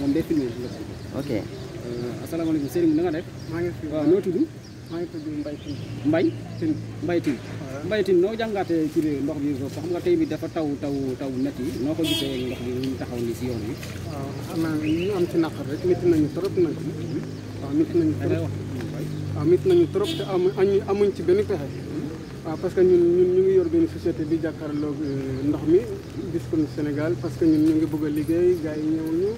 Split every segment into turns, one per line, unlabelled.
moom day filmé ok euh, asalaamaaleykum sëriñ na nga def. maa ngi fi waaw noo tudd. maa ngi tudd Mbaye Tine. Mbaye. Tine Mbaye Tine. Mbaye noo jàngaatee ci ndox bi nga xam nga tey bi dafa taw taw taw net yi noo ko gisee ndox bi ñu taxaw ni si yoon yi
waaw xam naa ñu am ci naqar rek métti nañu trop nag. waaw métti nañu trop waaw métti nañu te amuñ ci benn pexe. waaw parce que ñun ñun ñu ngi yor benn société bi jàkkaarloog euh, ndox mi gis ko Sénégal parce que ñun ñu ngi bëgg a liggéey gars yi ñëwuñu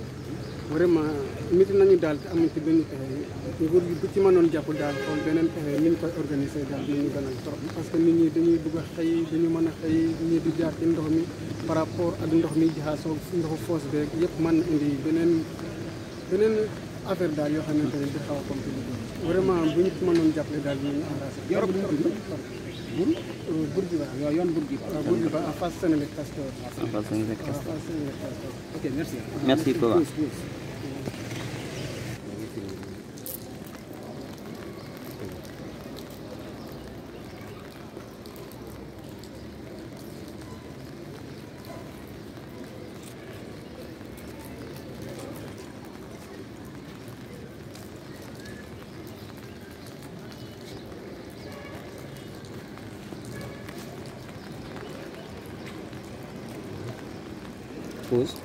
vraiment nit nañu daal te amuñ ci benn pexe nguur gi bu ci mënoon jàpp daal xool beneen pexe ni ñu koy organiser daal dinañu gënal trop parce que ni ñuy dañuy bëgg a xëy dañu mën a xëy ñii di jaar ci ndox mi par rapport ak ndox mi jaxasoo ndoxu foos beeg yëpp man na indi beneen beneen affaire daal yoo xamante ne di xaw a compliqué vraiment bu ñu mënoon jàppale daal dinañu enragé. yoroo bu ñu tudd euh, Bourguiba. waaw yoon Bourguiba. waaw ah, Bourguiba en face Sénélec Castor. en face Sénélec Castor. ok merci. merci beaucoup.
pause xam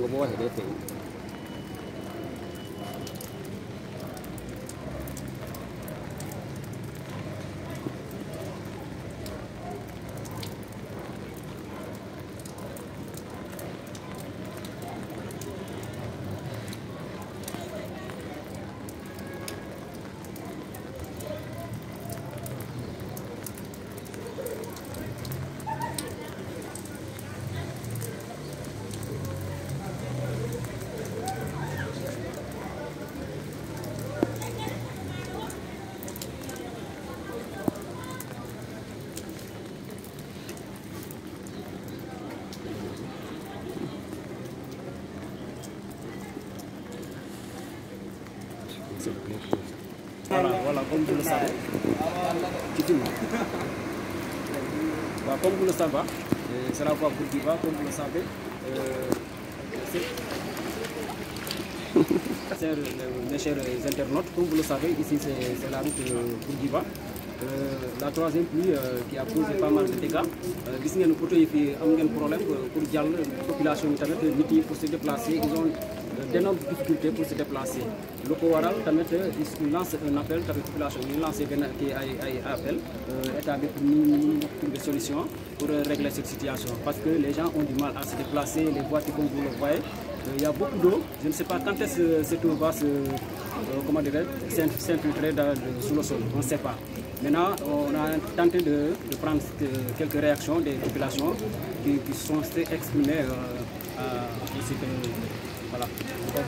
nga boo waxee day feeñ
s'il vous plaît. Voilà,
voilà, comme vous comme vous le savez, c'est comme vous le savez. Euh, chers internautes, comme vous le savez, ici c'est Euh, la troisième pluie euh, qui a causé pas mal de dégâts euh, gis ngeen oto yi am ngeen problème pour jàll population bi tamit nit pour se déplacer ils ont d'énormes difficultés pour se déplacer lu ko waral tamit ils lancent un appel tamit population bi ñu lancé benn appel état pour ñu trouver solution pour régler cette situation parce que les gens ont du mal à se déplacer les voitures comme vous le voyez il y a beaucoup d'eau je ne sais pas quand est-ce cette Maintenant, on a tenté de, de prendre quelques réactions des populations qui, qui sont exprimées euh, euh, ici. Voilà.